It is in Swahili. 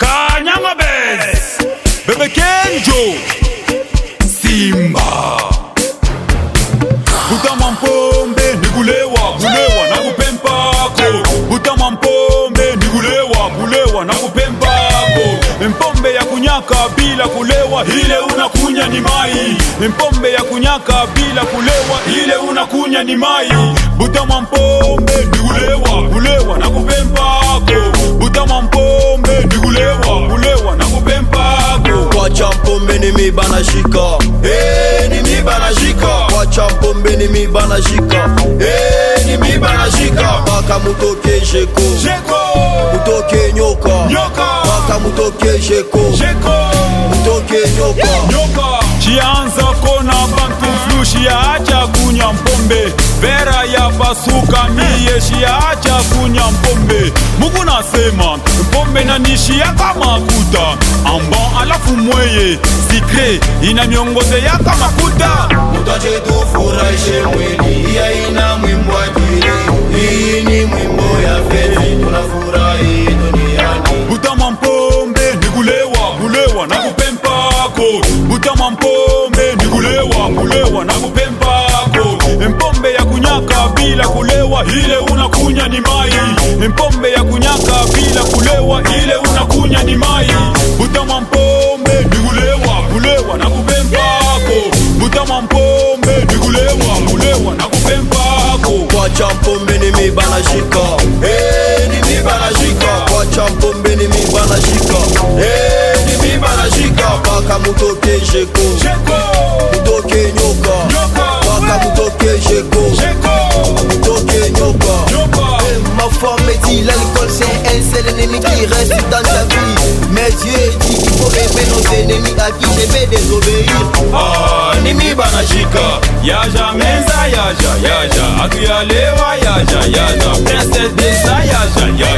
Kanyango Base Bebe Kenjo Simba Buta mwampombe nigulewa gulewa na kupempako Buta mwampombe nigulewa gulewa na kupempako Mpombe ya kunyaka bila kulewa ile unakunya ni mai Mpombe ya kunyaka bila kulewa ile unakunya ni mai Buta mwampombe banashika eh, ni mi banashika wacha pombe ni mi banashika eh, ni mi banashika mpaka mutoke jeko mutoke nyoka mpaka mutoke jeko mutoke nyoka chianza kona bantu flushi acha kunywa mpombe vera ya pasuka, mie shiacha kunya mpombe. Mungu nasema mpombe na nishi ya kama kuta Amba alafu mweye sikre ina miongoze ya kama makuta. Mutache tufurahishe mweni ya ina mwimbo wa kiri, hii ni mwimbo ya feti, tunafurahi duniani. Butama mpombe ni gulewa kulewa na kupempako. Butama mpombe ni gulewa kulewa na kupempako. ile unakunya ni mai, mpombe ya kunyaka bila kulewa, ile unakunya ni mai. Butama mpombe ni kulewa, kulewa na ako, Butama mpombe ni kulewa, kulewa na kupembako. Kwacha mpombe ni miba shika, hey, ni miba na shika. Kwacha mpombe ni miba na shika, hey, eh, ni miba eh, shika. Paka mutoke jeko, sheko, mutoke nyoka, nyoka, paka mutoke jeko. ennemis qui restent dans ta vie. Mais Dieu dit qu'il faut aimer nos ennemis à qui j'aimais désobéir. Oh, ah, nimi banashika, yaja menza yaja yaja, atuya lewa yaja yaja, princesse de sa yaja yaja.